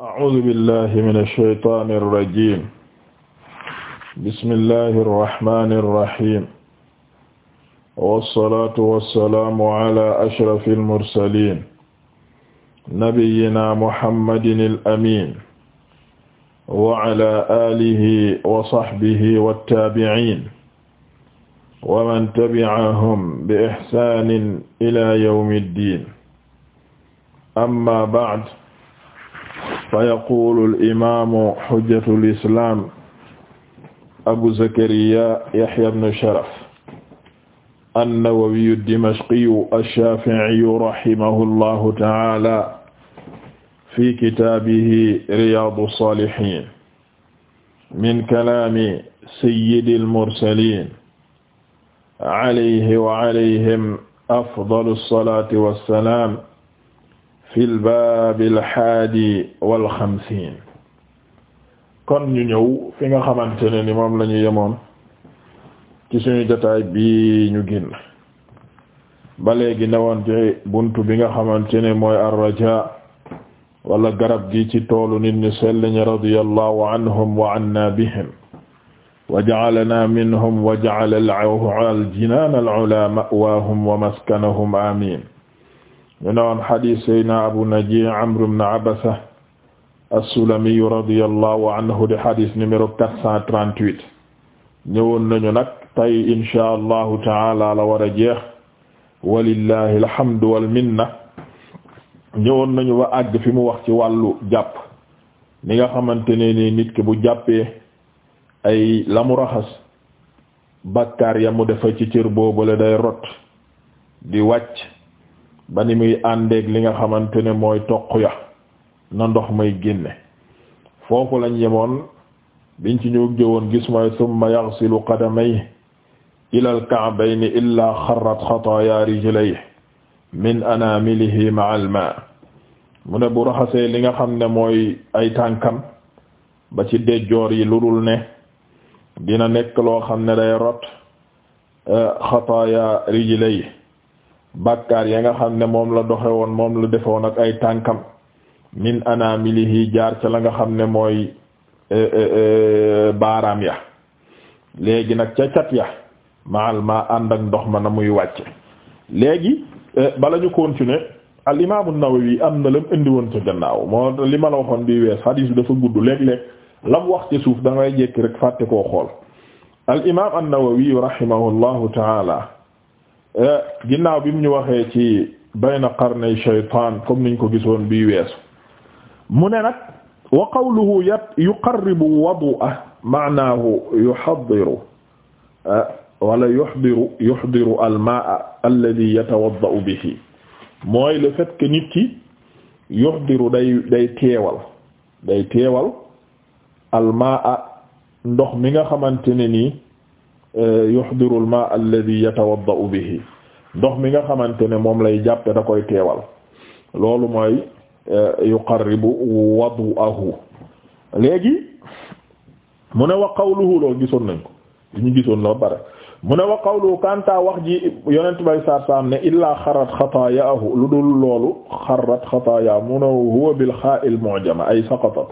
أعوذ بالله من الشيطان الرجيم بسم الله الرحمن الرحيم والصلاة والسلام على أشرف المرسلين نبينا محمد الأمين وعلى آله وصحبه والتابعين ومن تبعهم بإحسان إلى يوم الدين أما بعد fa yaqulu al-imaamu hujjatu al-islaam abu zakariya yahya ibn sharaf an-nawawiyu ad-dimashqiyu ash-shaafi'iyu rahimahu allahu ta'aala fi kitaabihi riyaadu saalihiin min kalaami sayyidil mursaliin alayhi wa alayhim afdalu salaati wa salaam fi lbaabi alhaadi walxamsiin kon ñu ñëw fi nga xamante ne ni moom la ñu yemoon ci suñu jotaay bi ñu gin ba léegi newoon ci buntu bi nga xamante ne mooy arrajaa wala garab gi ci toolu nit ñu sell ñi radiyallahu anhum wa anna bihim wa ja'alanaa minhum wa ja'ala al-jinaana ma'waahum wa maskanahum amiin ñu ne woon xadiis Seydina Abu Naji Amr ibn Abasa as-Sulami radiyallahu anhu di xadiis numéro quatre cent ñëwoon nañu nag tey inshaa allahu taala la war a jeex walillahi alhamdu wal minna ñëwoon nañu ba àgg fi mu wax ci wàllu jàpp ni nga xamante ne ni nit ki bu jàppee ay la mu raxas bakkaar ya mu defa ci cër boobu la day rot di wàcc ba ni muy àndeeg li nga xamante ne mooy toq ya na ndox may génne foofu lañ yemoon biñ ci ñu jëwoon gis mooy summa yaghsilu qadamayhi ila al-ka'bayni illa xarrat xataaya rijlayhi min anamilihi ma'a al mu ne bu raxasee li nga xam ne mooy ay tànkam ba ci déjjoor yi lu dul ne dina nekk loo xam ne day rot eh, xataaya rijlayhi bakkaar ya nga xam ne moom la doxe woon moom la defe woon ak ay tànkam min anamilihi jaar ca la nga xam ne mooy e, e, e, baaraam ya léegi nag ca cat ya maal ma ànd ak ndox ma na muy wàcce léegi bala ñu continuer al imam an-Nawawi am na lam indi woon ca gannaaw moo li ma la waxoon bi wees hadis bi dafa gudd léeg-léeg lam wax ci suuf da ngay jekki rek fàtte koo xool al imam an-Nawawi rahimahullahu taala Eh, ginnaaw bi mu waxee ci bayna qarnay shaytaan comme niñ ko gisoon bii weesu mu ne nag wa qawluhu yuqarribu wadu'a maanaahu yuhaddiru eh, wala yuhdiru yuhdiru almaa alladi yatawadda'u bihi mooy le fait que nit ki yuhdiru day day teewal day teewal almaa ndox mi nga xamante ne nii yuhdiru al-maa alladhi yatawadda'u bihi ndox mi nga xamante ne moom lay jàppe da koy teewal loolu mooy eh, yuqarribu wad'ahu léegi mu ne wa qawluhu loolu gisoon nañ ko ñu gisoon la bare mu ne wa qawluhu kanta wax ji yonent bay saar saam ne illaa xarrat xataayaahu lu dul loolu xarrat xataaya mu ne huwa bil xaa'il ay saqatat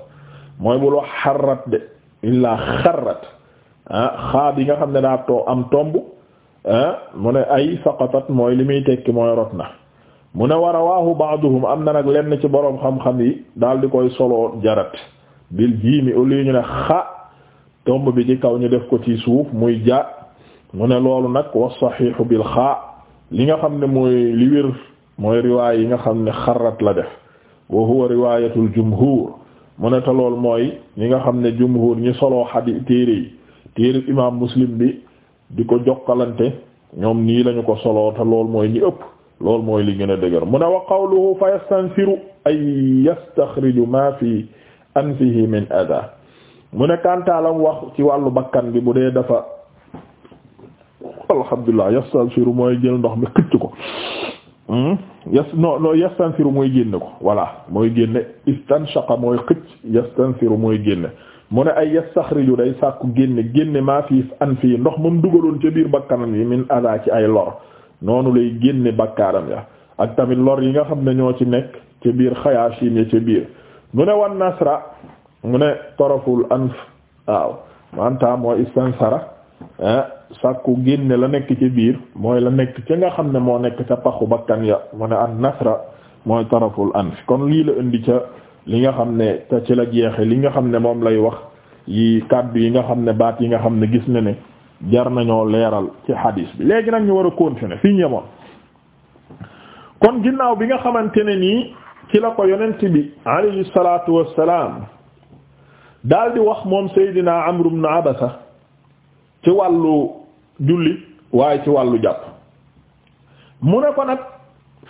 mooy bul wax xarrat de illaa xarrat Ah, xaa bi nga xam ne daa too am tomb ah, mu ne ay saqatat mooy li muy tekki mooy rot na mu ne war a waahu baaduhum am na nag lenn ci boroom xam-xam yi daal di koy soloo jarat bil jiimi u lieu ñu ne xa tomb bi ci kaw ñu def ko ci suuf muy ja mu ne loolu nag wa saxiixu bil xaa li nga xam ne mooy li wér mooy riwaay yi nga xam ne xarat la def wa huwa riwaayatul jumhuur mu ne te lool mooy ñi nga xam ne jumhuur ñi soloo xadi téere yi téere imaam muslim bi di ko jokkalante ñoom nii lañu ko soloo te lool mooy ñi ëpp lool mooy li gën a dëgër mu ne wa qawluhu fa yastanfiru ay yastaxriju ma fi anfihi mu ne wax ci wàllu bakkan bi bu dee dafa alhamdulillah yastanfiru mooy jël ndox mi këcc ko hmm? yas no no mooy génne ko voilà mooy génne istanshaqa mooy xëcc yastanfiru mooy génne mu ne ay yastaxriju day sàkku génne génne maa fii an fii ndox mun dugaloon ca biir bakkanam yi min ada ci ay lor noonu lay génne bakkaaram ya ak tamit lor yi nga xam ne ñoo ci nekk ca biir xayaashin ya ca biir mu ne wan nasra mu ne toroful anf waaw manta mooy istansara eh, sàkku génne la nekk ca biir mooy la nekk ca nga xam ne moo nekk ca paxu bakkan ya mu ne an nasra mooy toroful anf kon lii la indi ca li nga xam ne ci la jeexe li nga xam ne moom lay wax yi kàddu yi nga xam ne baat yi nga xam ne gis na ne jar nañoo leeral ci hadis bi léegi nag ñu war a continuer fii ñemoon kon ginnaaw bi nga xamante ne nii ci la ko yonent bi alayhi salatu wassalaam daal di wax moom Seydina Amr ibn Abasa ci wàllu julli waaye ci wàllu jàpp mu ne ko nag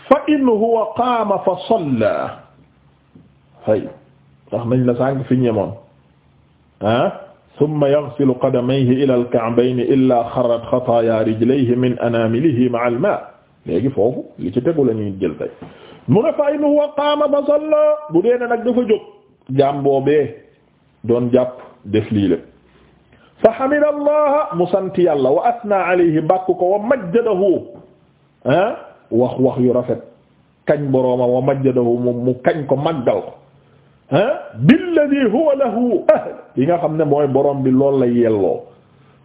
fa in huwa qaama fa salla ay tax nañ la sànq fi ñemoon ah thumma yaghsilu qadamayhi ila al-ka'bayni illa kharrat khataaya rijlayhi min anamilihi ma'a al-ma' léegi foofu li ci tegu la ñuy jël tey mu ne fa innahu qaama fa salla bu dee nag dafa jóg jaam boobee doon jàpp def lii la fa hamida allaha mu sant yàlla wa asna alayhi bàkk ko wa majjadahu ah wax wax yu rafet kañ borooma wa majjadahu mu kañ ko màggal ko billadi huwa lahu ahl yi nga xam ne mooy borom bi lool la yelloo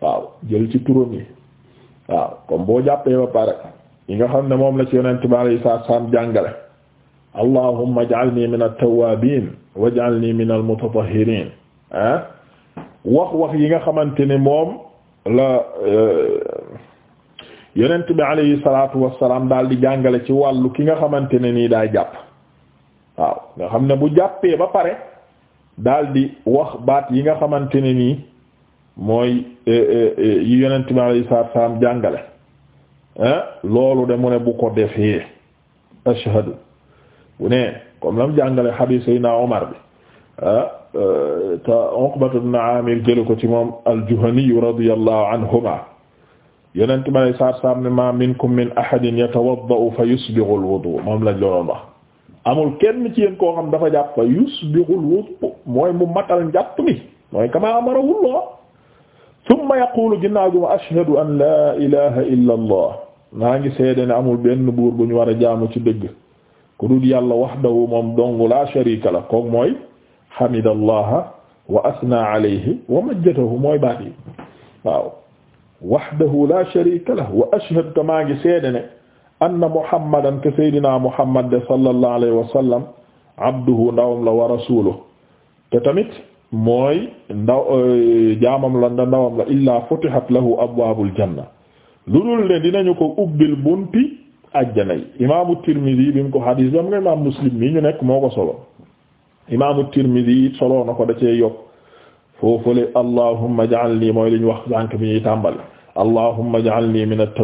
waaw ci turam yi waaw comme boo jàppee ba pare yi nga xam ne moom la ci yonent bi alayhi salaatu salaam jàngale allahumma ij'alni min at-tawwaabiin waj'alni min al-mutatahhiriin ah wax wax yi nga xamante ne moom la eh, yonent bi alayhi salaatu wassalaam daal di jàngale ci wàllu ki nga xamante ne nii daa jàpp waaw nga xam ne bu jàppee ba pare daal di wax baat yi nga xamante ne nii mooy eh, eh, eh, yi yonent bi alayhi salaatu jàngale loolu de mu ne bu ko defee ashhadu bu ne comme lam jàngale xadiis Seydina Omar bi te Uqbatu ibn Aamir jëlu ko ci moom al-Juhani radiyallahu anhuma yonent bi alayhi salaatu salaam ne ma minkum min ahadin yatawadda'u fa yusbighu al-wudu' moom lañ looloon amul kenn ci yéen koo xam dafa jàpp fa yusbihul wudu mooy mu matal njàpp mi mooy kamaa amarawullaa summa yaqulu ginnaaw gi ma ashhadu an laa ilaha illa allah naa ngi seede ne amul benn buur bu ñu war a jaamu ci dëgg ku dul yàlla wahdahu moom dong la sharika la koog mooy hamidallaha wa asna alayhi wa majjatahu mooy maa ngi seede ne anna muhammadan ke seydina muhammad de sallallahu alayhi wa sallam abduhu ndawam la wa rasuluhu te tamit mooy ndaw euh, jaamam la nda ndawam la illa futihat lahu abwaabul janna lu dul ne ko ubbil bunti ajjana yi imaamu tirmidi mi ñu nekk moo ko solo imaamu tirmidi it solo na ko da cee yokk foofule allahumma mooy li ñu wax sànk bi ñuy tàmbal allahumma ja'alni min at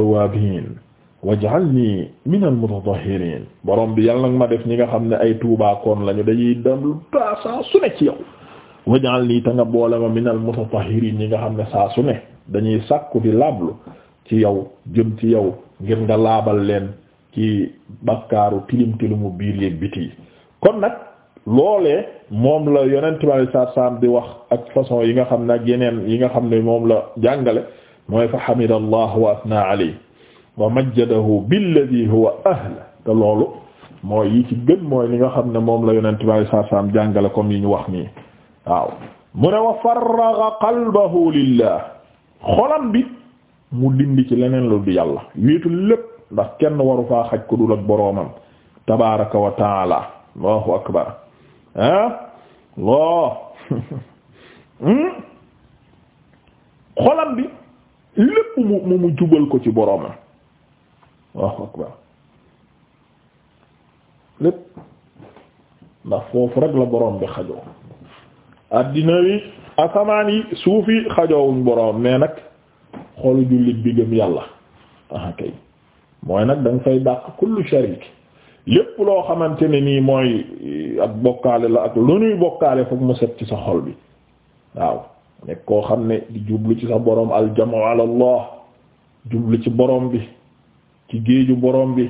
waj'alni min al-mutatahhirin borom bi yàlla nag ma def ñi nga xam ne ay tuubaakoon lañu dañuy dem lu saa su ne ci yow waj'alni te nga boole ma min al-mutatahhirin ñi nga xam ne saa su ne dañuy sàkku di laablu ci yow jëm ci yow ngir nga laabal leen ci bakkaaru tilim tilimu biir yëg biti kon nag loolee moom la yeneen bi alayhi salaatu salaam di wax ak façon yi nga xam ne ak yeneen yi nga xam ne moom la jàngale mooy fa hamidallah wa asna alayhi wa majjadahu billadi huwa ahla te loolu mooy yi ci gën mooy li nga xam ne moom la yonent bi saa saam jàngale comme yi ñu wax nii waaw mu ne wa farraga qalbahu lillah xolam bi mu dindi ci leneen lu du yàlla wéetu lépp ndax kenn waru faa xaj ku dul ak boroomam tabaaraka wa allahu akbar ah loo hmm? xolam bi lépp mu mu jubal ko ci boroomam Allahu akbar lépp ndax foofu rek la boroom bi xajoo addina yi asamaan yi suuf yi xajoowuñ boroom mais nag xolu jullit bi yàlla ah mooy nag da nga fay dàq kullu sharik lépp loo xamante ne nii mooy eh, ak bokkaale la ak lu ñuy bokkaale foog mu set ci sa xol bi waaw nekk koo xam ne di jublu ci sa borom aljamu ala allah jublu ci boroom bi ci géeju borom bi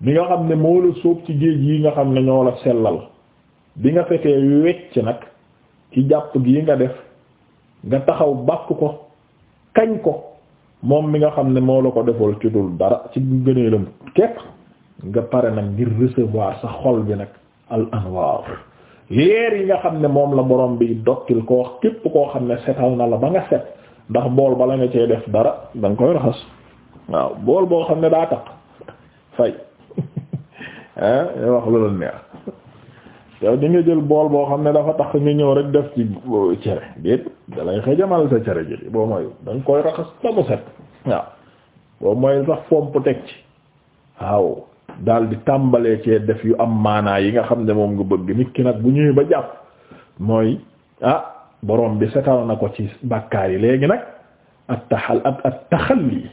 mi nga xam ne moo la sóob ci géej yi nga xam ne ñoo la sellal bi nga fetee wecc nag ci jàpp gi nga def nga taxaw bàkk ko kañ ko moom mi nga xam ne moo la ko defal ci dul dara ci gëneelam képp nga pare nag ngir recevoir sax xol bi nag al anwaar leer yi nga xam ne moom la borom bi dokkil koo képp koo xam ne setal na la ba nga set ndax bool la nga cee def dara danga koy raxas waaw bool boo xam ne daa taq fay wax lu la neex yow di nga jël bool boo xam ne dafa tax nga ñëw rek def ci cere déet dalay xëjamal sa cere ji boo mooy da koy raxas ba mu set waaw boo mooy sax fomp teg ci waaw daal di tàmbalee cee def yu am maanaa yi nga xam ne moom nga bëgg nit ki nag bu ñëwee ba jàpp mooy ah borom bi setal na ko ci bàkkaar yi léegi nag at taxal at at taxalli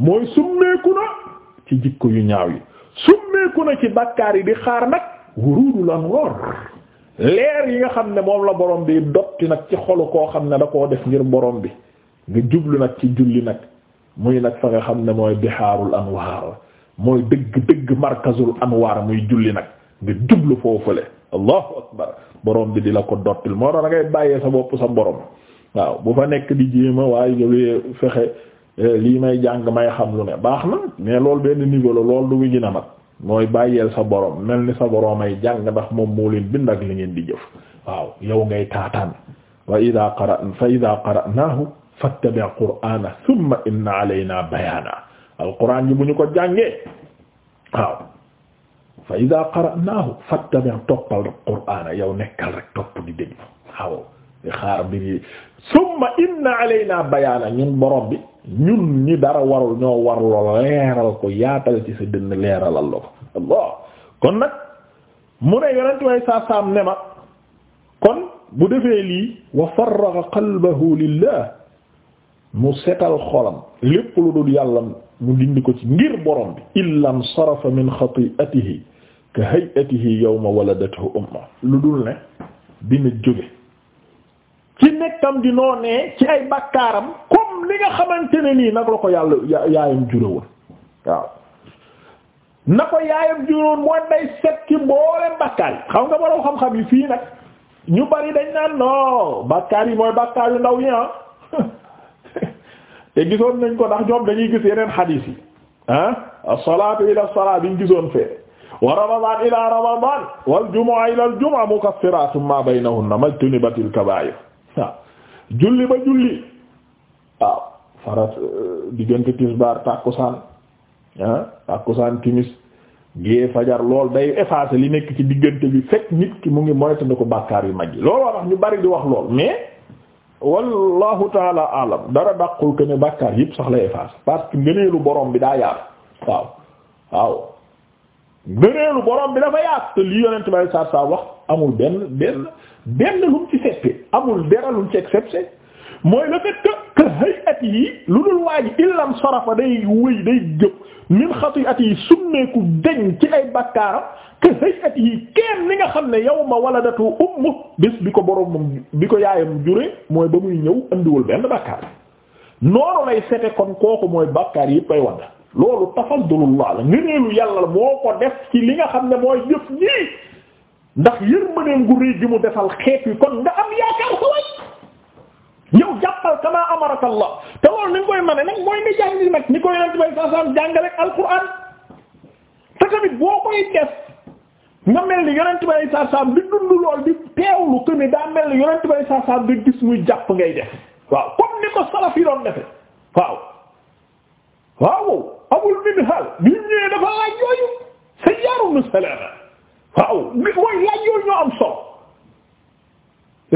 mooy summeeku na ci jikko yu ñaaw yi summeeku na ci bakkaar yi di xaar nag wurudul anwar leer yi nga xam ne moom la borom bi dotti nag ci xolu koo xam ne da koo def ngir borom bi nga jublu nag ci julli nag muy nag fa nga xam ne mooy bihaarul anwaar mooy dëgg dëgg markazul anwaar muy julli nag nga jublu foofule allahu akbar borom bi di la ko dottil moo tax ngay bàyyee sa bopp sa borom waaw bu fa nekk di jéema waaye fexe Eh, lii may jàng may xam lu ne baax na mais loolu benn niveau la loolu du gën a mat mooy bàyyeel sa borom mel ni sa borom ay jàng ndax moom moo leen bind ak li ngeen di jëf waaw yow ngay taataan wa ida qara fa ida qara'nahu fattabi' qur'ana thumma inna alayna bayana ji bu ñu ko jàngee waaw fa ida qara'nahu fattabi' toppal qur'ana yow nekkal rek topp di déglu waaw xaar mbir yi thumma inna alayna bayana ñun borom bi ñun ñi dara warul ñoo warloo leeral ko yaatal ci sa dënn leeralal la ko Allah kon nag mu ne yonent way saa ne ma kon bu defee lii wa farraga qalbahu lillah mu setal xolam lépp lu dul yàlla mu dindi ko ci ngir borom bi illa nsarafa min xati'atihi ka hay'atihi yawma waladathu umma lu dul ne dina jóge ci nekkam di noonee ci ay bakkaaram comme li nga xamante ne nii nag ko yàlla yaayam jurówoon waaw na ko yaayam jurówoon mooy day set ci mboolem xam nga borom xam-xam yi fii nag ñu bari dañ naan non bakkaar yi mooy bakkaar yu ndaw yi ah te gisoon nañ ko ndax ñoom dañuy gis yeneen xadiis yi ah as-salaatu ila salaat biñ gisoon fee wa ramadan ila ramadan wal jumu'a ila al jumu'a mukaffiratun ma baynahunna majtunibatil kaba'ir waaw julli ba julli waaw farat euh, diggante tisbaar ah, tàkkusaan timis gée fajar lool day effacer li nekk ci diggante bi fekk nit ki mu ngi moytandiku bàkkaar yu mag yi loolu wax ñu bari di wax lool mais wallahu taala alam dara dàqul que ne bàkkaar yëpp sax lay effacer parce que ngëneelu borom bi daa yaatu waaw waaw ngëneelu borom bi dafa yaatu te lii yonent bay saar saa wax amul benn benn benn lum ci seppe amul dara lum ci excepté mooy le fait que que hayati yi lu dul waa ji sarafa day wéy day jóg min xati'ati yi summeeku deñ ci ay bakkaaram que hayati yi kenn ni nga xam ne yawma waladatu ummu bés bi ko boroom bi ko yaayam juree mooy ba muy ñëw indiwul benn bakkaar noonu lay sete kon kooku mooy bakkaar yépp ay wadd loolu tafaddulullah la lu yàlla moo ko def ci li nga xam ne mooy jëf ñii ndax yërmandeem gu rëy gi mu defal xeet yi kon nga am yaakaar ko yow jàppal kama amaraka Allah te loolu ni koy mane nag mooy nga jàngi nag ni ko yonent bay saa saam jàngale ak alquran te tamit boo koy def nga mel ni yonent bay saa saam di dund lool di gis muy jàpp ngay def waaw comme ni ko salaf defe waaw waaw abul minhal bi ñëwee dafa laaj yooyu sa nu salaama waaw mooy laaj yooyu ñoo am solo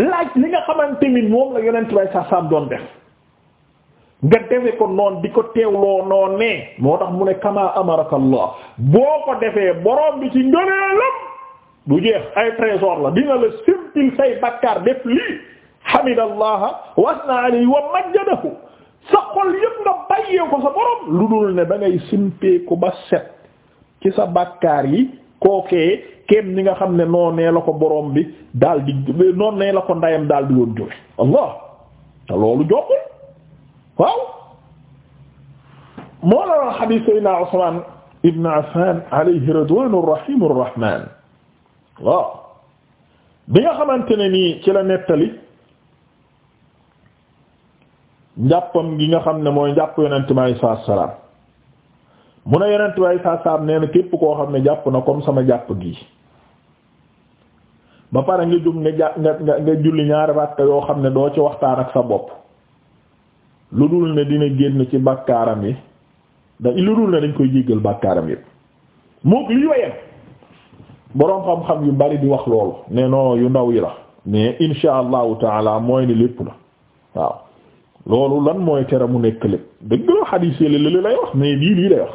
laaj li nga xamante ni moom la yonent bay saasaam doon def nga defe ko noon di ko teewloo noon nee moo tax mu ne kama amaraka Allah boo ko defee boroom bi ci ngëneelam du jeex ay trésor la dina la simpil say bakkaar def lii hamidallaha wa asna alayhi wa majjadahu sa xol yëpp nga bàyyee ko sa borom lu dul ne da ngay simpeeku ba set ci sa bakkaar yi kookee kem ni nga xam ne noonee la ko boroom bi daal di noonee la ko ndayam daal di woon jóge allah te loolu jokkul waaw moo la wax xadiis Seydina Usmaan ibn Affaan alayhi ridwaanu rahiimu rahmaan waaw bi nga xamante ne nii ci la nettali njàppam gi nga xam ne mooy njàpp yonent mi salaam mu ne yeneen tubaab saa saam nee na képp koo xam ne jàpp na comme sama jàpp gi ba pare nga jum nga jàpp nga julli ñaari rakka yoo xam ne doo ci waxtaan ak sa bopp lu dul ne dina génn ci bàkkaaram yi da lu dul ne dañ koy jéggal bàkkaaram yépp mook lii wayam boroom xam-xam yu bari di wax loolu ne non yu ndaw yi la mais insha allahu taala mooy ni lépp la waaw loolu lan mooy tere mu nekk lépp dëgg la xadiis yi lay wax mais bii lii lay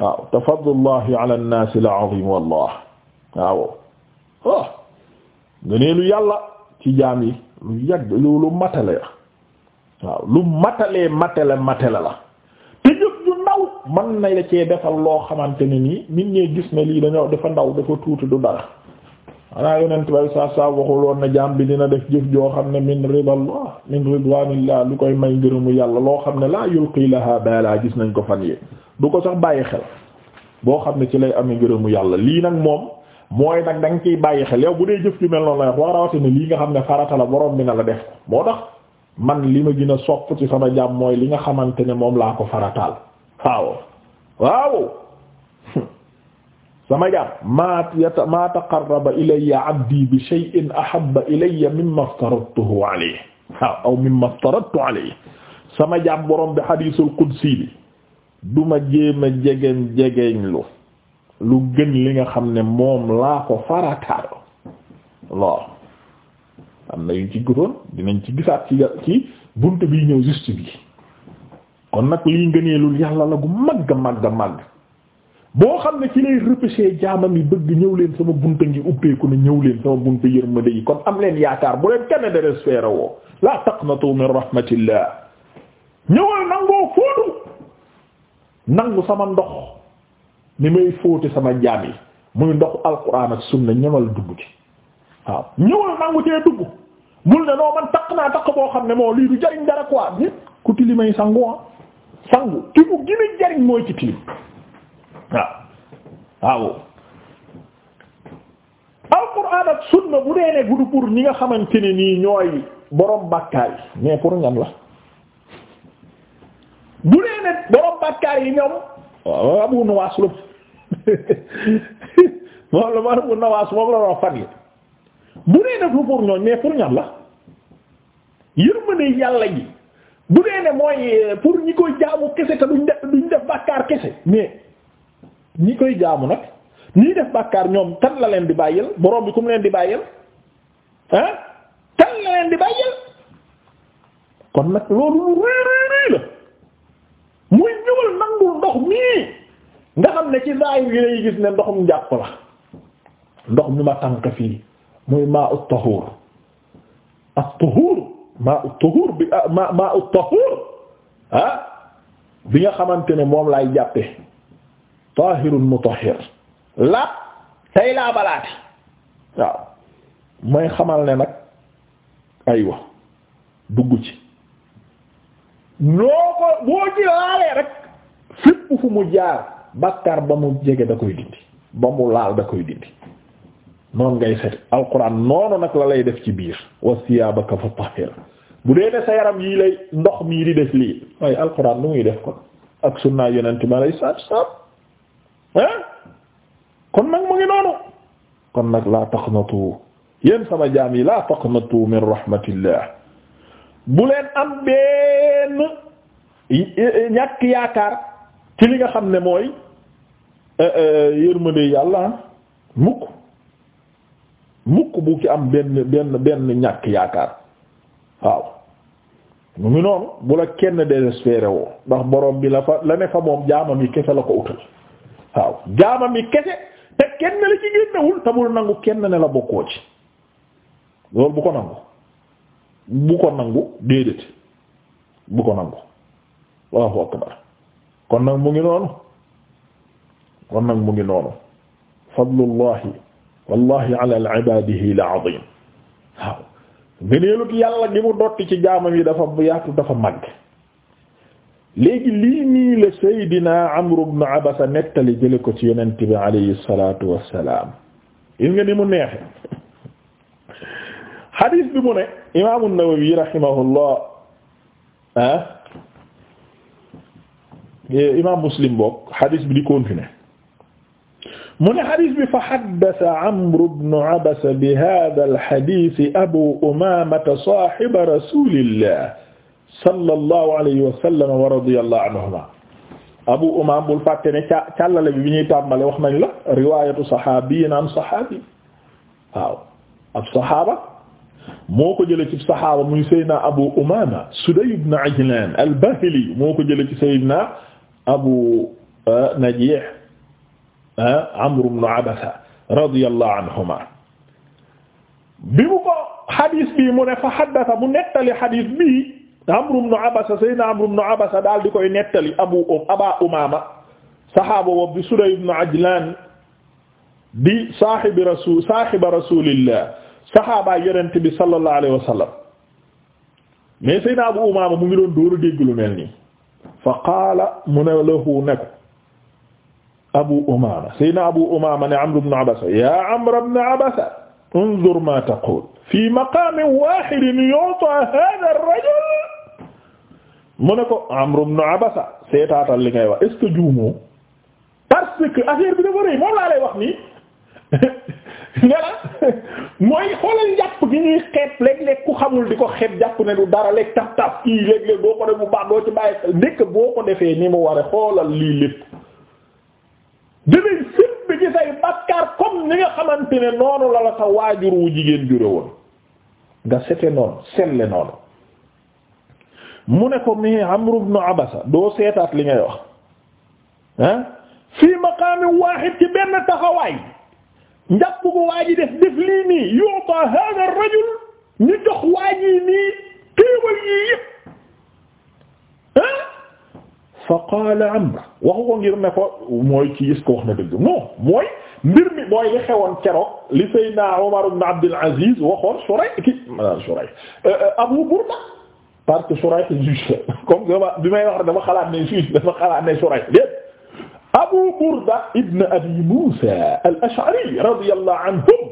waaw te fadlullahi ala nnaasi la azim wallah waaw oh gëneelu yàlla ci jaam yi lu yàgg lu matale la waaw lu matalee matale matale la te jëf ju ndaw mën na la cee defal loo xamante ne nii nit ñee gis ne lii dañoo dafa ndaw dafa tuuti du dara xanaa yonent bay saa saa waxul woon ne jaam bi dina def jëf joo xam ne min ridallah min ridwanillah lu koy may ngërëmu yàlla loo xam ne laa yulqi laha bala gis nañ ko fan yee du ko sax bàyyi xel boo xam ne ci lay amee ngërëmu yàlla lii nag moom mooy nag da nga bàyyi xel yow bu dee jëf ju mel noonu la wax wax rawatina lii nga xam ne farata la borom bi na la def moo tax man li ma gin a sopp ci sama jaam mooy li nga xamante ne moom laa ko farataal waaw sama jaam maa taqarraba ilayya abdi bi shay'in ahabba ilayya mimma aftaradtuhu alayhi aw mimma aftaradtu alayhi sama jaam borom bi hadiisul qudsi bi du ma jéem a jegeñ lu lu gën li nga xam ne moom laa ko farataal lool am na yuñ ci gutoon dinañ ci gisaat ci ci bunt bi ñëw juste bi kon nag lii ngëneelul yàlla la gu màgg màgg màgg boo xam ne ci lay repêché jaamam yi bëgg ñëw leen sama bunt ngi ubbeeku ne ñëw leen sama bunta yërmande yi kon am leen yaakaar bu leen kenn désespéré woo la taqnatu min rahmatillah ñëwal nangoo fóotu nangu sama ndox ni may fóote sama jaam yi muy ndoxu alquran ak sunna ñëwal dugg ci waaw ñëwal nangu tee dugg mul ne noo man taq naa taq boo xam ne moo lii du jariñ dara quoi nit ku tilimay sangu ah. sangu ki mu gën jariñ mooy ci tilim waaw waaw alquran ak sunna bu dee ne gudu pour ñi nga xamante ne nii ñooy borom bàkkaar yi mais pour ñan la bu dee ne borom bàkkaar yi ñoom waaw abu nawaas lu moom la ma abu nawaas moom la wax fan yi bu dee ne du pour ñooñ mais pour ñan la yërmande yàlla yi bu dee ne mooy eh, pour ñi koy jaamu kese te duñ def bàkkaar kese mais ñi koy jaamu nag ñii def bàkkaar ñoom kan la leen di bàyyil borom bi ku mu leen di bàyyil ah kan la leen di bàyyil kon nag loolu lu réeréeréer la muy ñëwal nangul ndox mii nga xam ne ci daay yi lay gis ne ndoxum njàpp la ndox mi ma tànk fii muy maa ut tahuur ak tahuur maa ut tahuur bi ah maa ut tahuur ah bi nga xamante ne moom laay jàppe tahirun mutahhir laab tey laa balaati waaw may xamal ne nag aywa dugg ci noo ko boo ci laalee rek fépp fu mu jaar bàkkaar ba mu jege da koy dindi ba mu laal da koy dindi noonu ngay set alquran noonu nag la lay def ci biir wa siyaabaka fa tahir bu dee ne yii ndox mii di def lii waaye alquran nu muy def kon ak sunnaa yonent ma lay saab saab kon nag mu ngi noonu kon nag laa taqnatu yéen sama jaam yi laa taqnatu min rahmatillah bu leen am benn ñàkk yaakaar ci li nga xam ne mooy eh, eh, yërmande yàlla ah. mukk mukk bu ci am benn benn benn ñàkk yaakaar waaw mu ngi noonu bu la kenn désespéré woo ndax borom bi la fa la ne fa moom jaamam yi kese la ko utal waaw jaamam yi kese te kenn la ci génnewul te nangu kenn ne la bokkoo ci loolu bu ko nangu bu ko nangu déedéet bu ko nangu Allahu akbar kon nag mu ngi noonu kon nag mu ngi noonu fadlullahi wallahi ala ibadihi la azim waaw ngëneelu yàlla gi mu dotti ci jaamam yi dafa yaatu dafa màgg léegi lii nii la Seydina Amru ibn Abasa nettali jële ko ci yonent bi alayhi salaatu wassalaam il nga ni mu neexe xadiis bi mu ne imaamu Nawawi rahimahullah ah imaam Muslim bokk xadiis bi di continuer mu ne xadiis bi fa haddasa Amru ibn Abasa bi haadha al-hadiis Abu Umaamata saahiba rasuulillah sallallahu alayhi wa sallam wa radiyallahu anhuma abu umaam bul fàtte ne ca càllale bi bi ñuy tàmbale wax nañ la riwaayatu saxaabiyin an saxaabi waaw ab saxaaba moo ko jëlee ci saxaaba muy Seydina Abu Umaama Sudayy ibn Ajlaan al-Baahili moo ko jëlee ci Seydina Abu euh, Najiih euh, Amr ibn Abasa radiyallahu anhuma bi mu ko xadiis bi mu ne fa haddasa mu nettali xadiis bi Amr ibn Abasa Seydina Amr ibn Abasa daal di koy nettali Abu um, Aba Umaama saxaaba boobu bi Sudayy ibn Ajlaan di saaxibi rasul saaxiba rasulillah saxaabaa yonent bi sallallahu alayhi wa sallam mais Seydina Abu Umaama mu ngi doon dóor a dégg lu mel nii fa qaala mu ne lahu ne ko Abu Umaama Seydina Abu Umaama ne Amr ibn Abasa yaa Amr ibn Abasa unzur maa taqul fii maqaamin waahidin yu'taa haadha ar-rajul mu ne ko Amru ibn Abasa seetaatal li ngay wax est juumoo parce que affaire bi dafa rëy moom laa lay wax nii nga la mooy xoolal jàpp gi ñuy xeeb léeg-léeg ku xamul di ko xeeb jàpp ne du dara léeg taf taf kii léeg boo ko def bu baax ci bàyyi ndekk boo ko defee ni mu ware xoolal lii lépp dinañ sëpp bi ci say bakkaar comme ni nga xamante ne noonu la la sa waajur wu jigéen jure woon nga sete noonu selle noonu mu ne ko mi Amr ibn Abasa doo seetaat li ngay wax ah fii maqaamin waahid ci benn taxawaay njàpp ko waa ji def def lii nii yu'ta hadha ar-rajul ñu jox waa ji nii téewal yii yëpp ah fa qaala Amr waxu ko ngir ne ko mooy ci is ko wax na dëgg non mooy mbir mi mooy li xewoon keroog li Seydina Umar ibn Abdul Aziz waxoon Shurayh ki Shurayh euh, euh, Abu Burda parce que Shurayh juge la bi may wax dama xalaat ne juge dama xalaat ne Shurayh lépp Abu Burda ibn Abi Musa al-Ash'ari radiyallahu anhum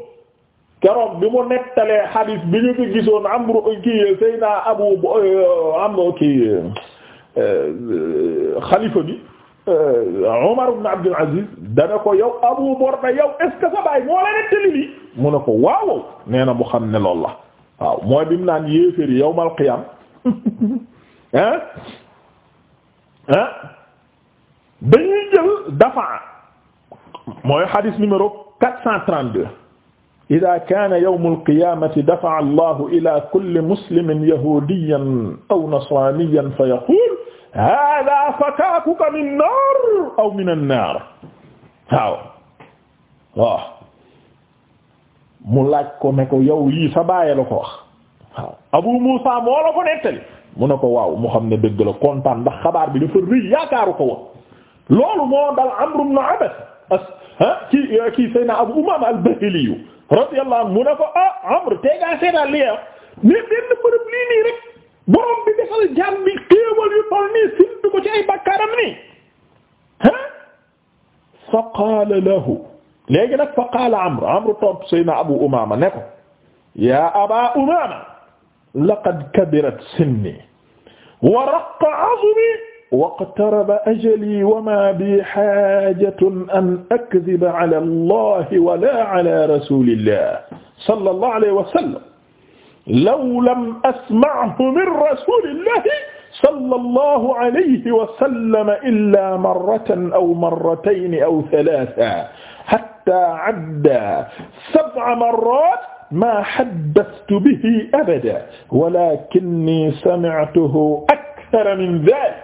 keroog bi mu nettalee hadith bi ñu fi gisoon Amru kii Seyna Abu euh, Amru kii euh, xalifa bi euh, Abu Burda yow est-ce que moo la nettali lii mu ne ko waaw nee na mu xam ne loolu la waaw mooy bi mu naan yéeféer yawmal ah ah dañuy jël dafa mooy xadis numéro quatre cent trente-deux ida kaana yawmu alqiyamati dafa'a allahu ila kulli muslimin yahudiyan aw nasraniyan fa yaqul hada fataakuka min nar aw min annar waaw waaw mu laaj ko ne ko yow lii sa bàyyi la ko wax waaw Abu Muusa moo ko nettali mu ne ko waaw mu xam ne dëgg la kontaan ndax xabaar bi dafa rëy yaakaaru ko woon loolu moo dal Amru ibn Abas ah kii kii Seydina Abu Umaama al-Bahili radiyallahu anhu mu ne ko ah li yow ah, mais benn bërëb yu toll nii sintu ko ci ay bakkaaram nii ah fa qaala lahu léegi nag fa qaala Amru Amru topp Seydina Abu Umaama ne ko Aba Umaama laqad kabirat sinni wa raqqa azmi waqtaraba ajali wa ma bi xaajatun an akdiba ala allahi wala ala rasulillah sallallahu alayhi wa sallam law lam asma'hu min rasulillahi sallallahu alayhi wa sallam illa marratan aw marratayni aw thalaathan hatta adda sab'a marrat maa haddathtu bihi abadan walaakinni sami'tuhu akthara min dhaalik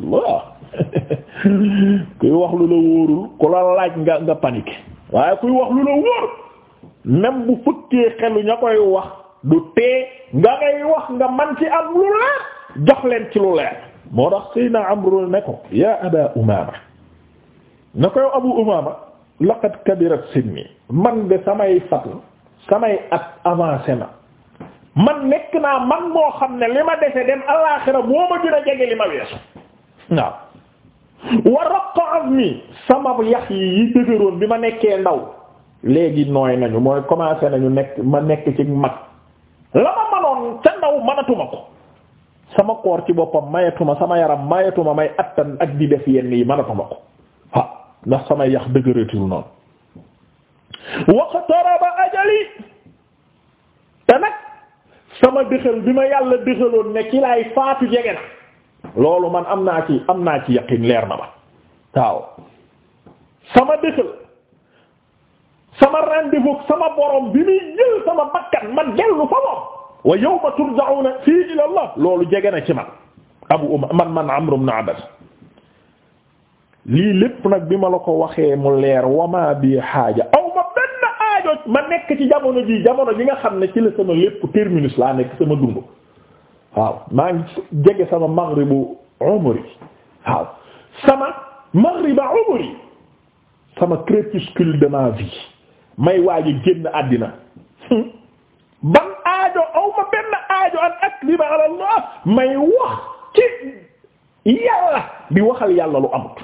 kuy wax lu la wóorul ku la laaj nga nga panique waaye kuy wax lu la wóor même bu fëkkee xelu ña koy wax du tee nga ngay wax nga man ci am lu leer jox leen ci lu leer moo tax Seydina Amru ne ko yaa Aba Umaama na koy Abu Umaama laqad kabirat sinni man de samay fat samay at avancé na man nekk naa man moo xam ne li ma dese dem alaaxira moo ma gën a jege li ma weesu waaw wa raqqa azmi sama yax yi yi dëgëroon bi ma nekkee ndaw léegi nooy nañu mooy commencé nañu nekk ma nekk ci mag la ma manoon ca ndaw manatuma ko sama koor ci boppam mayetuma sama yaram mayatuma may attan ak di def yenn yi manatuma ko waaw ndax sama yax dëgëratiwul noonu waqtaraba ajali te nag sama dëxal bi ma yàlla dëxaloon ne ki laay faatu jege na loolu man am naa ci am naa ci yaqin leer na ma waaw sama dëxal sama rendez-vous sama borom bi muy jël sama bakkan ma dellu fa moom wa yawma turja'una fii ila Allah loolu jege na ci man abu uma man man amru ibn abas lii lépp nag bi ma la ko waxee mu leer wamaa bi xaaja ma nekk ci jamono ji jamono ji nga xam ne ci la sama lépp terminus laa nekk sama dund waaw maa ngi jege sama maghribu umri waaw sama maghriba umri sama crépuscule de ma vie may waaji génn àddina hmm? ban aajo aw ma benn aajo an akdima ala allah may wax ci yàlla di waxal yàlla lu amut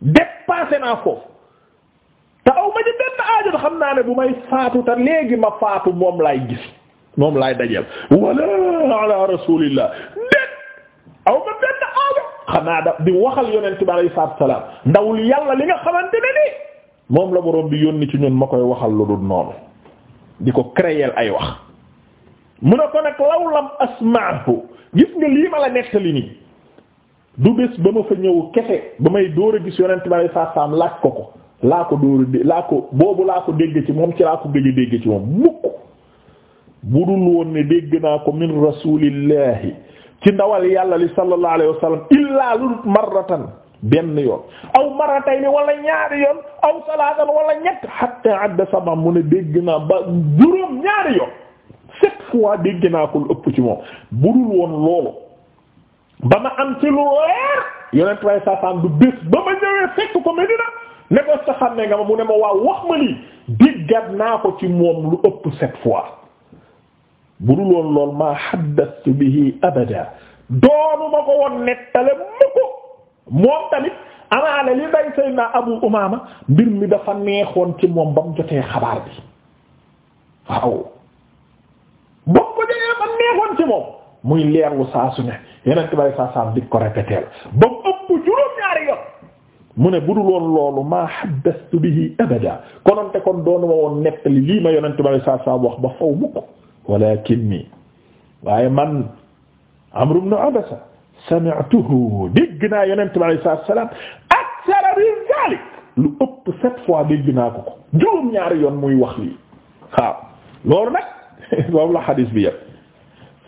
dépassé naa foofu aw ma ci benn aajo xam naa ne bu may faatu te léegi ma faatu moom laay gis moom laay dajeel wala ala rasulillah déet aw ma benn aajo xanaa da di waxal yonent bi alayhi salaatu salaam ndawul yàlla li nga xamante ne ni moom la boroom bi yónni ci ñun ma koy waxal lu dul noonu di ko créer ay wax mu ne ko nag law lam asmaahu gis nga lii ma la nettali nii du bés ba ma fa ñëw kese ba may dóor a gis yonent bi alayhi salaam laaj ko ko laa ko dóor laa ko boobu laa ko dégg ci moom ci laa ko gëj dégg ci moom mukk bu dul woon ne dégg naa ko min rasulillahi ci ndawal yàlla li sallallahu alayhi wa sallam illaa benn yoon aw marratayni wala ñaari salaatan wala ñett hatta adda sab'a mu ne dégg naa ba juróom ñaari yoon sept fois dégg naa ko lu ëpp ci moom bu dul woon loolu ba ma am ci lu leer yonent way sasam du bés ba ma ñëwee fekk ko Medina ne sa xam nga ma mu ne ma waaw wax ma lii diggat naa ko ci moom lu ëpp sept fois bu dul woon lool maa haddastu bihi abada doonu ma ko woon nettale mu ko moom tamit amaana li day Seydina Abu Umaama mbir mi dafa neexoon ci moom ba mu jotee xabaar bi waaw ba mu ko jotee dafa neexoon ci moom muy leerlu saa su ne ko répéter mu ne budul woon loolu maa haddastu bihi abada kononte kon doonu ma woon nettali lii ma yonente ma wax ba faw mukk walakinni waaye man Amr ibn Abasa sami'tuhu dégg naa yonente bi alei salatua min zalik lu ëpp sept fois dégg naa ko ko juróom ñaari yoon muy wax lii waaw loolu nag boobu la xadiis bi yépp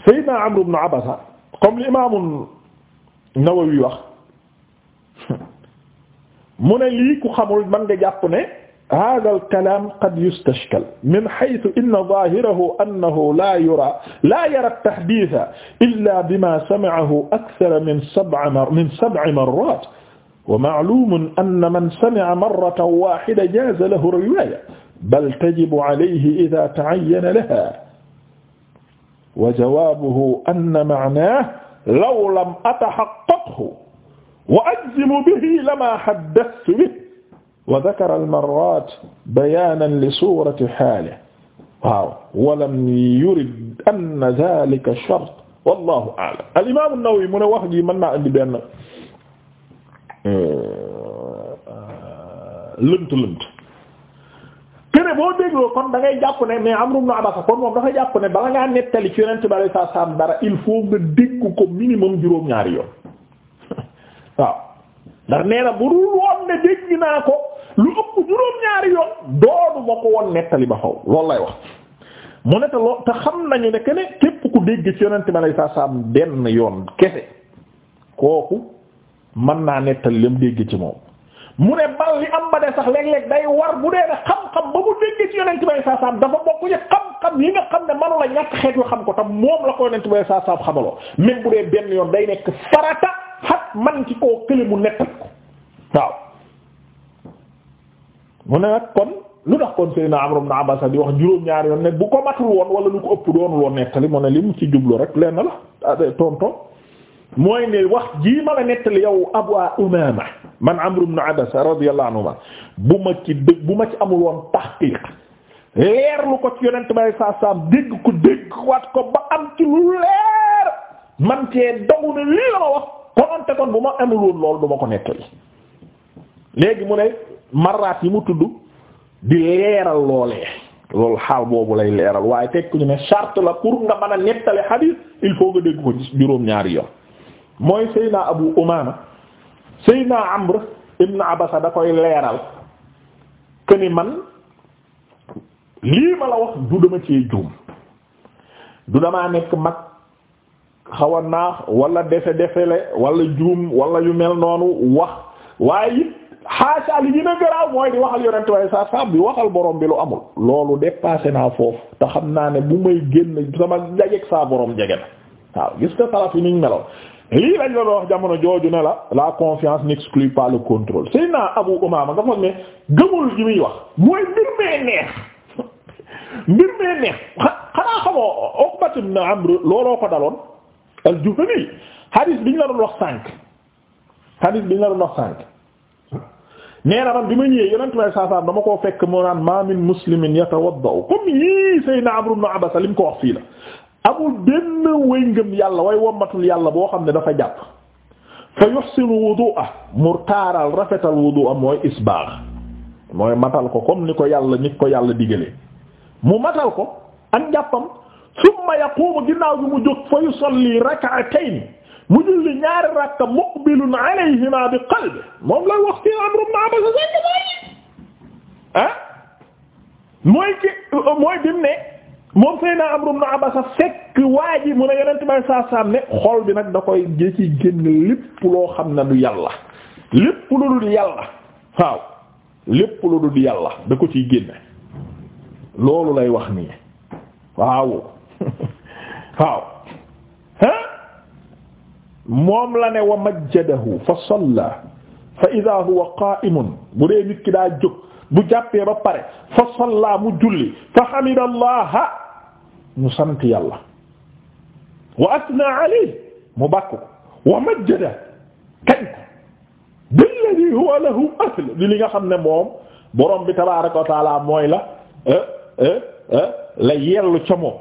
Seydina Amr ibn Abasa comme l'imam Nawawi wax mu ne lii ku xamul man nga jàpp ne hada al kalam qad yustashkal min haythu inna zahirahu annahu la yura la yara tahditha illa bima sami'ahu akthar min sab'a min sab'i marrat wa ma'lumun anna man sami'a marratan wahida jaza lahu riwaya bal tajibu alayhi idha ta'ayyana laha wa jawabuhu anna ma'nahu law lam atahaqqaqhu wa ajzimu bihi lama haddathtu bihi wa dhakara al-marrat bayanan li surati haalihi waaw wa lam yurid anna dhalika shart wallahu a'lam al-imam an-Nawawi mu ne wax ji mën naa andi benn euh, lënt lënt kene boo dégloo kon da ngay jàpp ne mais Amru ibn Abasa kon moom dafa jàpp ne bala ngaa nettali ci Yonent bi sallallahu alayhi wasallam dara il faut nga dégg ko minimum juróom-ñaari yoon waaw ndax nee na bu dul woon ne dégg naa ko lu ëpp juróom-ñaari yoon doonu ma ko woon nettali ba faw loolu lay wax mu ne te te xam nañu ne que ne képp ku dégg ci yonent bi alayhi salaam benn yoon kese kooku mën naa nettali lam dégg ci moom mu ne bal am ba de sax léeg-léeg day war bu dee ne xam-xam dafa bokk xam-xam yi nga xam ne manu ñàkk xeet yu xam ko tam moom la ko yonent bi alayhi salaam xamaloo même bu dee benn yoon day nekk farata. xat man ki koo kële mu nekk ko waaw mu ne nag kon lu tax kon Seydina Amr ibn Abasa di wax juróom-ñaari yoon ne bu ko matul woon wala lu ko ëpp doonul woon nettali mu ne li mu ci jublu rek lenn la ah, tonton mooy ne wax jii ma la nettali yow Abu Umaama man Amr ibn Abasa radiyallahu anhu bu ma ci dëgg bu ma ci amul woon tahqiq leerlu ko ci yonent bay saa saam dégg ko dégg ko ba am ci lu leer man cee dogu ne lii la ma wax. kononte kon bu ma amul woon loolu du ko nettali léegi mu ne maraat yi mu tudd di leeral loolee loolu xaal boobu lay leeral waaye tekk ñu ne charte la pour nga mën a nettali xadiis il faut nga dégg ko juróom-ñaari yoon mooy Seydina Abu Umaama Seydina Amr ibn Abasa da koy leeral que man lii ma la wax du dama juum du damaa nekk mag xaw a naax wala defe defele wala juum wala yu mel noonu wax waaye it xaasa li gën a garaaw mooy di waxal yonent waaye sa sa bi waxal borom bi lu amul loolu dépassé naa foofu te xam naa ne bu may génn sama jajeek saa borom jege na waaw gis nga salaf yi niñ meloon lii lañ la wax jamono jooju ne la la confiance n'exclut pas le contrôle Seydina Abu Umaama nga foog ne gëmul ji muy wax mooy mbir mee neex mbir mee neex xanaa xamoo Uqbat ibn al-Juhani hadis bi ñu la doon wax sànq hadis bi ñu la doon wax sànq nee man bi ma ñëwee yonent may saasaam dama koo fekk moo naan ma min muslimin yatawadda'u comme yii Seydina Amru ibn Abasa li mu ko wax fii la amul benn way ngëm yàlla way wommatul yàlla boo xam ne dafa jàpp fa yuhsinu wudu'a murtaaral rafetal wudu'a mooy isbaax mooy matal ko comme ni ko yàlla ni ko yàlla digalee mu matal ko ak jàppam summa yaqumu ginnaaw bi mu jóg fa yusalli rak'atayn mu julli ñaari rakka muqbilun alayhima bi qalbi moom la wax ci Abasa sànq mooy ah mooy mooy bi ne moom Seydina Amru ibn Abasa fekk waa ji mu ne Yonent bi saa saa ne xol bi nag da koy jë ci génn lépp loo xam ne du yàlla lépp lu dul yàlla waaw lépp lu dul yàlla da ko ciy génne loolu lay wax nii waaw. waaw ah moom la ne wa majjadahu fa salla fa ida huwa qa'imun bu dee nit ki daa jóg bu jàppee ba pare fa salla mu julli fa hamida allaha mu sant yàlla wa asna alayhi mu bàkk wa majjada kañ ko billadi huwa lahu ahl li li nga xam ne moom borom bi tabaaraka wa taala mooy la eh, eh, eh, la yellu ca moom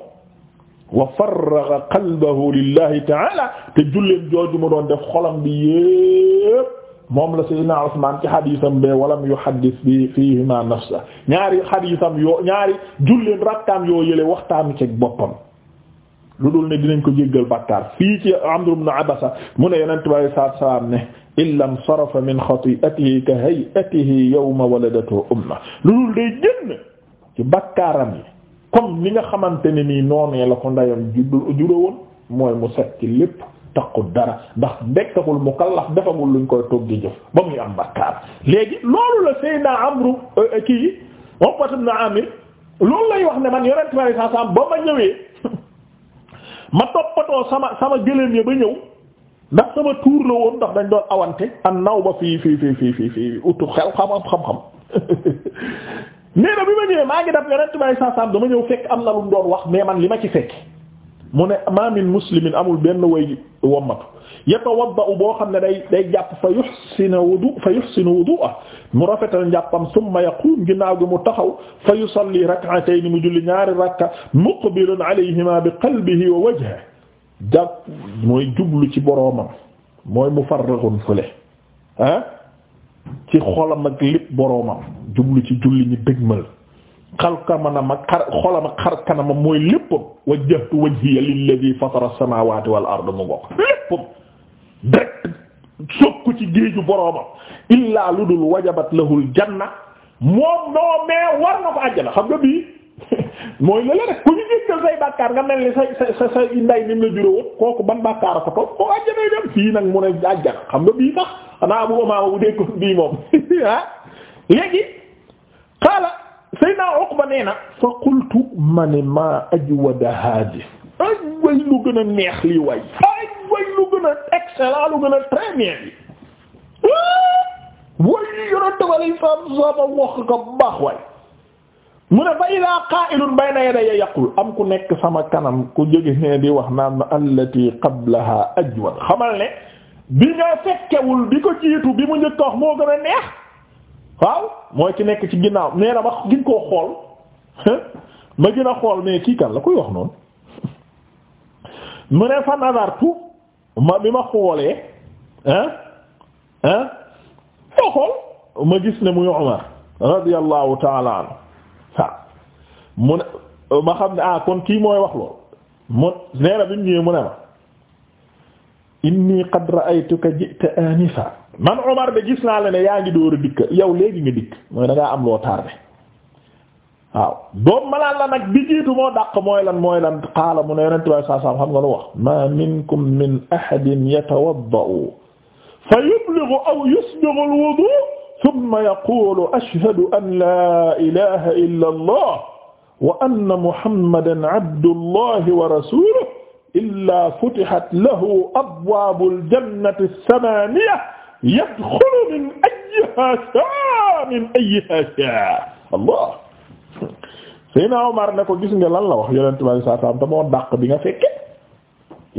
wa farraga qalbahu lillahi ta'ala te julleen jooju mu doon def xolam bi yépp moom la sayyidina Usman ci xadisam bee walam yuhaddis bi fiihima nafsa ñaari xadisam yoo ñaari julleen rakkaam yoo yële waxtaanu ci boppam lu dul ne dinañ ko jéggal bàkkaar fii ci Amru ibn Abasa mu ne yonent bi alayhi salaatu wa salaam ne illa nsarafa min xati'atihi ka hay'atihi yawma waladatu umma lu dul day génn ci bakkaaram yi comme ni nga xamante ne nii noonee la ko ndeyam jurówoon mooy mu set ci lépp taqu dara ndax mu mukallaf defagul luñ koy toggi jëf ba muy am bakkaar léegi loolu la Seydina Amru euh, kii Uqbat ibn Amir loolu lay wax ne man yonent bi saa saa ba ma ñëwee ma toppatoo sama sama gëléem ya ba ñëw ndax sama tuur la woon ndax dañ doon awante an naw ba fii fii fii fii fii utu xel xam-xam xam-xam nee na bi ma ñëwee maa ngi bi saa saam dama ñëw fekk am na lu wax mais man li ma ci fekk mu ne ma min muslimin amul benn way wommatu yatawadda'u boo xam ne day day jàpp fa yuhsinu wudu fa yuhsinu wudu'ah mu rafetal njàppam summa yaquum ginnaaw gi mu taxaw fa yusalli rak'atayn mu julli ñaari rakka muqbilun alayhima bi qalbihi wa wajhihi jàpp mooy jublu ci boroomam mooy mufarrighun fële ah ci xolam ak lépp boroomam jublu ci julli ñi dëgmal xalkamanam ak xar xolam ak xar kanamam mooy léppam wajjahtu wajhiya lilladhi fatara as-samawati wal arda mu ngoog léppam direct sokku ci géeju boroomam illaa lu dul wajabat lahul janna moom noo mee war na ko àjjana xam nga bii mooy lële rek ku ñu jéggal say bàkkaar nga mel ni sa sa sa nday ni la juróom kooku ban bàkkaar a ko toog koo àjjanay dem fii nag mu ne àjjana xam nga bii sax xanaa bu omaama bu déggoon bii moom ah léegi xaala Seydina Uqba nee na fa qultu ma ne maa ajwada haadi ay way lu gën a neex lii way ay way lu gën a excellent lu gën a très bien way yi yoroon dama lay saam saama wax ka baax way mu ne fa ida qaa'ilun bayna yadayya yaqul am ku nekk sama kanam ku jóge ne di wax naan ma allati qablaha ajwad xamal ne bi nga fekkewul bi ko jiitu bi mu njëkk wax moo gën a neex waaw mooy ci nekk ci ginnaaw nee na wax gën koo xool ma gën a xool mais kii la koy wax noonu mu bi ma xoolee ah ma gis ne muy Umar radiyallahu ta'ala anhu waaw mu ne ma xam ne ah kon kii mooy wax lool mu nee na bi mu ñëwee mu ne ma inni qad ra'aytuka ji'ta anifa man Omar de gis naa la ne yaa ngi door a dikk yow léegi nga dikk mooy da am loo tardé waaw doom malaan la nag bi jiitu moo dàq mooy lan mooy lan xaala mu ne yonent bi saa saam xam nga lu wax ma minkum min ahadin yatawadda'u fa yublighu aw yusbighu al summa yaqulu ashhadu an laa ilaha illa allah wa anna muhammadan abdullahi wa rasuluhu illaa futihat lahu abwaabul jannati samaaniya yadxulu min ayyihaa shaa min ayyihaa shaa allah Seydina Omar ne ko gis nga lan la wax Yonent bi sallallahu alayhi wa sallam damoo dàq bi nga fekke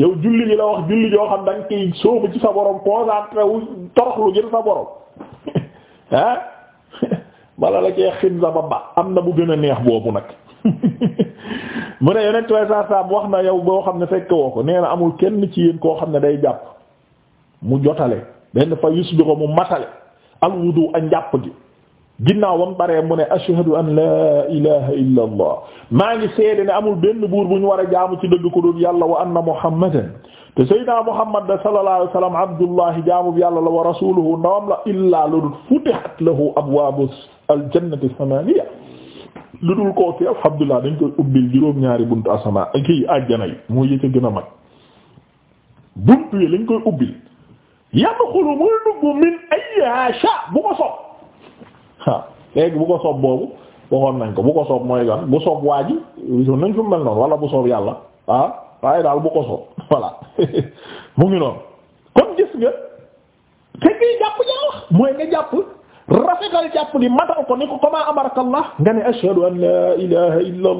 yow julli gi la wax julli joo xam da nga koy sóobu ci sa borom concentré wu toroxlu ngir sa borom ah bala la cee xinza ba ba am na bu gën a neex boobu nag mu ne yonent way saa saam wax na yow boo xam ne fekk woo ko nee na amul kenn ci yéen koo xam ne day jàpp mu jotale benn fa yusbiru mu matale al wudu a njàpp gi ginnaaw ba mu baree mu ne ashhadu an laa ilaha illa allah maa ngi seede ne amul benn buur bu ñu war a jaamu ci dëgg ko dul yàlla wa anna muhammadan te Seydina Muhammad da sallallahu alayhi wa sallam abdullahi jaamu yàlla la wa rasuluhu ndawam la illaa lu dul futihat lahu abwaabu aljannati samaniya lu dul koo ci alhamdulillah dañ koy ubbil juróom-ñaari bunt asamaa kii àjjana yi moo yëg gën a mag buntu yi lañ koy ubbil yadxulu muy dugg min ayyihaa shaa bu ko soob ah léegi bu ko soob boobu waxoon nañ ko bu ko soob mooy gan bu soob waa ji nañ fi mel noonu wala bu soob yàlla ah waaye daal bu voilà mu ngi noonu kon gis nga te gi jàpp jaa jàpp li matal ko ni ko comment amarakallah nga ne ashhadu an la ilaha illa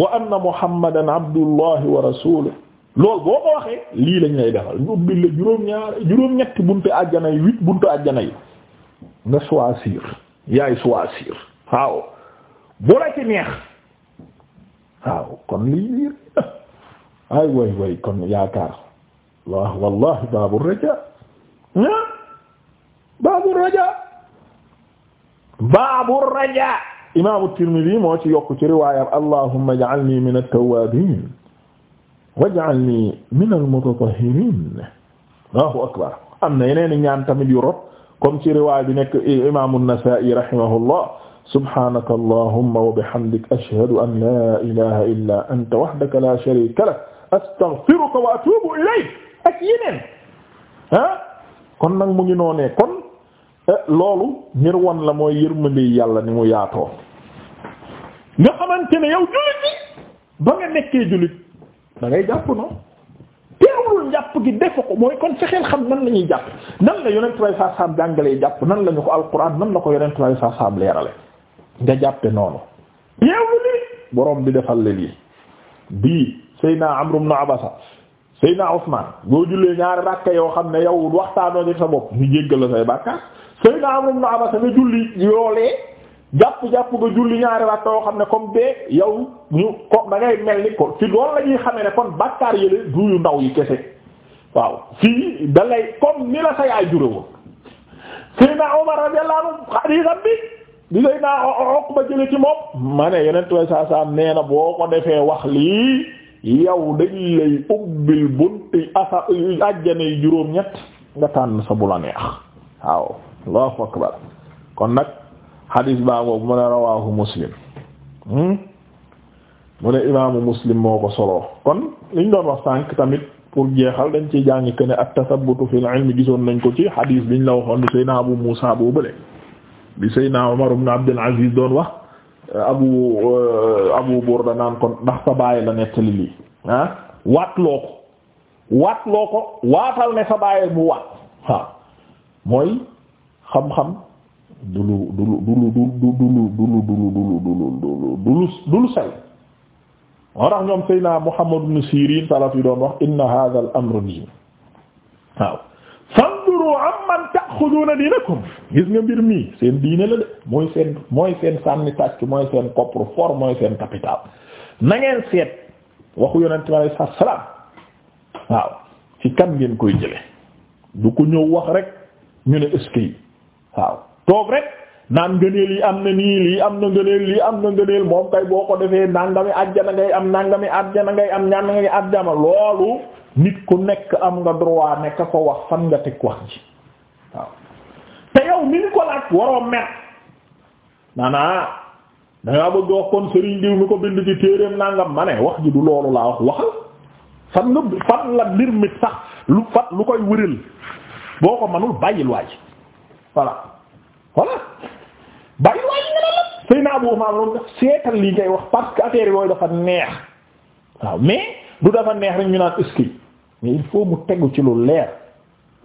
wa anna muhammadan abdullahi wa rasuluhu loolu boo ko waxee lii lañ lay defal ñu ubbi la juróom-ñaar juróom-ñetti buntu àjjana yi buntu àjjana nga choisir yaay choisir waaw bu la ci neex waaw kon lii ay way way kon yaakaar waaw wallahi baabu raja ah baabu raja baabu raja imaamu Tirmidi moo ci yokk ci riwaayam allahumma ij'alni min at-tawwaabiin waj'alni min al-mutatahhiriin allahu akbar am na yeneen ñaan tamit yu rot comme ci riwaay bi nekk imaamu Nasaa'i rahimahullah subhaanaka allahumma wa bihamdika ashhadu an laa ilaaha illaa anta wahdaka laa shariika lak astaghfiruka wa atubu ilayk ak yeneen ah kon nag mu ngi noonee kon eh, loolu ngir won la mooy yërmande yàlla ni mu yaatoo nga xamante ne yow jullit bi ba nga nekkee jullit da jàpp noonu teewul njàpp gi def la ñuy jàpp nan la yonent way saa saam jàpp nan la ñu ko alquran nan la ko yonent way saa saam leerale borom bi defal la lii bii Seydina Amr ibn Abasa Seydina Usman boo jullee ñaari rakka yoo xam ne yow waxtaanoo ci sa bopp ñu jéggal la say bàkkaar Seydina Amr ibn Abasa nga julli yoolee jàpp jàpp nga julli ñaari rakka yoo xam ne comme bee yow ñu ko da mel ni ko ci loolu la ñuy xamee ne kon bàkkaar yële duyu ndaw yi kese waaw fii da lay comme ni la sa yaay jure woon Seydina Omar radiyallahu anhu xadiisam bi di Seydina Uqba jële ci moom ma ne yeneen way saa saa nee na boo ko yow dañ lay ubbil bunti asa àjjana yu juróom-ñett nga tànn sa bu la neex waaw allahu akbar kon nag xadiis baa boobu mu ne rawaahu muslim hmm? mu ne imaamu muslim moo ko soloo kon liñ doon wax sànq tamit pour jeexal dañ ciy jàng que ne ak tasabbutu fil ilmi gisoon nañ ko ci xadiis biñ la waxoon bi Seydina Abu Muusa boo bële bi Seydina Umar ibn Abdul Aziz doon wax abu abu burda naan kon ndax sa baay nettali lii waat loo ko waatloo ko waatal ne sa baay mu waat waaw mooy xam-xam du lu du lu du lu du lu du lu du lu du lu du lu sell moo tax ñoom Seydina Muhammad ibn Sirin salaf yi doon wax inna hadha al amru diin waaw ta'khuduna dinakum gis nga mbir mi seen diine la de mooy seen mooy seen sànni tàcc mooy seen coffre-fort mooy seen capital na seet waxu yonent waaw ci kan ngeen koy jële du ko ñëw wax rek ñu ne est waaw toog rek naan ngëneel yi am na nii lii am na ngëneel lii am na ngëneel moom kay boo ko defee nangami àjjana ngay am nangami àjjana ngay am ñaan ngay àjjana loolu nit ku nekk am nga droit nekk ko wax fan yow mi ni ko laaj waroo mer naanaa dangaa bëgg wax kon sëriñ diw mi ko bind ci téereem nangam ma ne wax ji du loolu laa wax waxal fan nga fan la mbir sax lu fat lu koy wëril boo ko manul bàyyil waay voilà voilà bàyyil waay nga naa boo maa loolu seetal li ngay wax parce que affaire yooyu dafa neex waaw mais du dafa neex rek ñu naan ski mais il faut mu tegu ci lu leer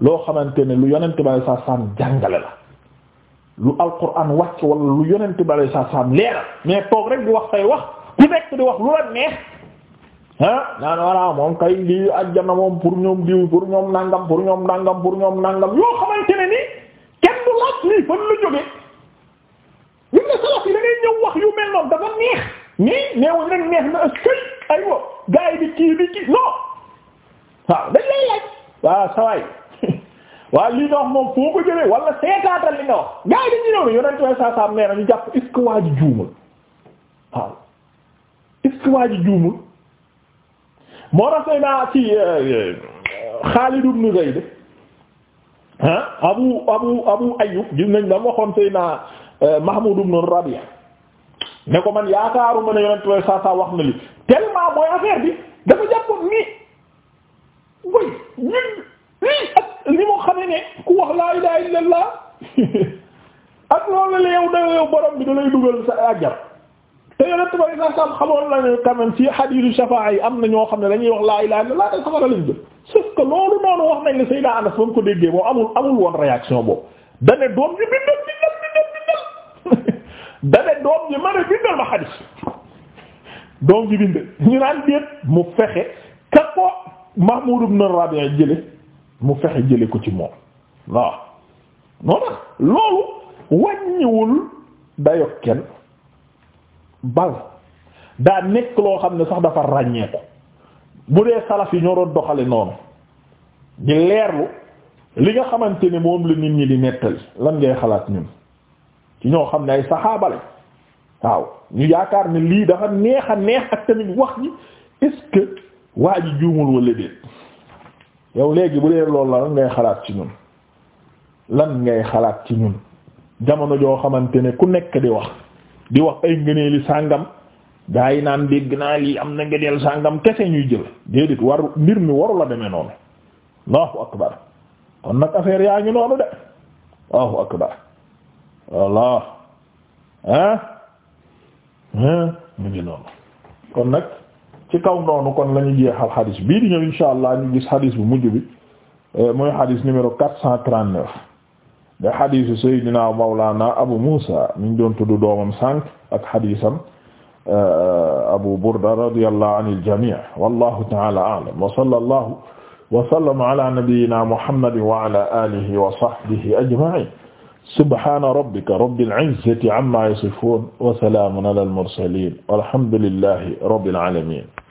loo xamante ne lu yonent ba sa saan jàngale la lu alquran wàcc wala lu yonent bale sa sam leeral mais toog rek di wax say wax ku nekk di wax lu la neex ah naan voilà moom kay lii àjjana moom pour ñoom diw pour ñoom nangam pour ñoom nangam yoo xamante ne nii kenn du laaj lii fan la jógee ñun ne salaf yi da ñëw wax yu mel noonu dafa neex nii neewuñ rek neex na ëskëy aywa gars yi di kii di kii non waaw dañ lay laaj waaw sawaay waaw lii nga wax moom foo ko jëlee wala seetaatal li nga wax gars yi dañuy ñëw ne yonent way saa saa nee na ñu jàpp est-ce que waa ji moo tax say ci euh, euh, Xaalid ibn Zayd ah Abu Abu Abu Ayyub gis nañ dama waxoon say euh, Mahmud ibn Rabi'a ne ko man yaakaaru ma ne yonent way saa saa wax na li tellement mooy affaire bi dafa jàpp ni way ñun ak li mu xamee ne ku wax laa ilaha illallah ak loolu la yow da yow borom bi da lay dugal sa àjjab te yonent bi sallallahu alayhi xamoon la ne quand même ci hadiisu shafaa yi am na ñoo xam ne dañuy wax laa ilaha illallah te safara lañ jëm sauf que loolu noonu wax nañ ne Seydina Anas ba mu ko déggee moom amul amul woon réaction boobu da ne doom ji bindal bindal bindal bindal doom ji mën a ma hadiis doom ji bind ñu naan déet mu fexe ka ko Mahmoud ibn Rabi'a mu fexe jële ko ci moom waaw noonu tax loolu wàññiwul dayo kenn bal daa nekk loo xam ne sax dafa ràññee ko bu dee salaf yi ñoo doon doxale noonu di leerlu li nga xamante ni moom la nit ñi di nettali lan ngay xalaat ñun ci ñoo xam ne ay saxaabale waaw ñu yaakaar ne lii dafa neex a neex ak tamit wax ji est waa ji juumul walla déet yow léegi bu dee loolu la lan ngay xalaat ci ñun lan ngay xalaat ci ñun jamono joo xamante ne ku nekk di wax di wax ay ngëneeli sàngam gaa yi naan dégg naa lii am na ngëneel sàngam kese ñuy jël déedéet war mbir mi waru la demee noonu allahu akbar kon nag affaire yaa ngi noonu de allahu akbar wallah ah mu ngi noonu kon nag ci kaw noonu kon la ñu jeexal xadis bii di ñëw insha allah ñu gis xadis bu mujj bi eh, mooy xadis numéro quatre cent trente neuf da xadisu sayyidina mawlana abu musa ñu doon tudd doomam sànq ak xadisam eh, abu burda radiyallahu anil jami' wallahu ta'ala a'lam wa sallallahu wa sallama ala nabiyyina muhammadin wa ala alihi wa sahbihi ajma'in subhana rabbika rabbil izzati amma yasifun wa salamun ala al mursalin walhamdulillahi rabbil alamin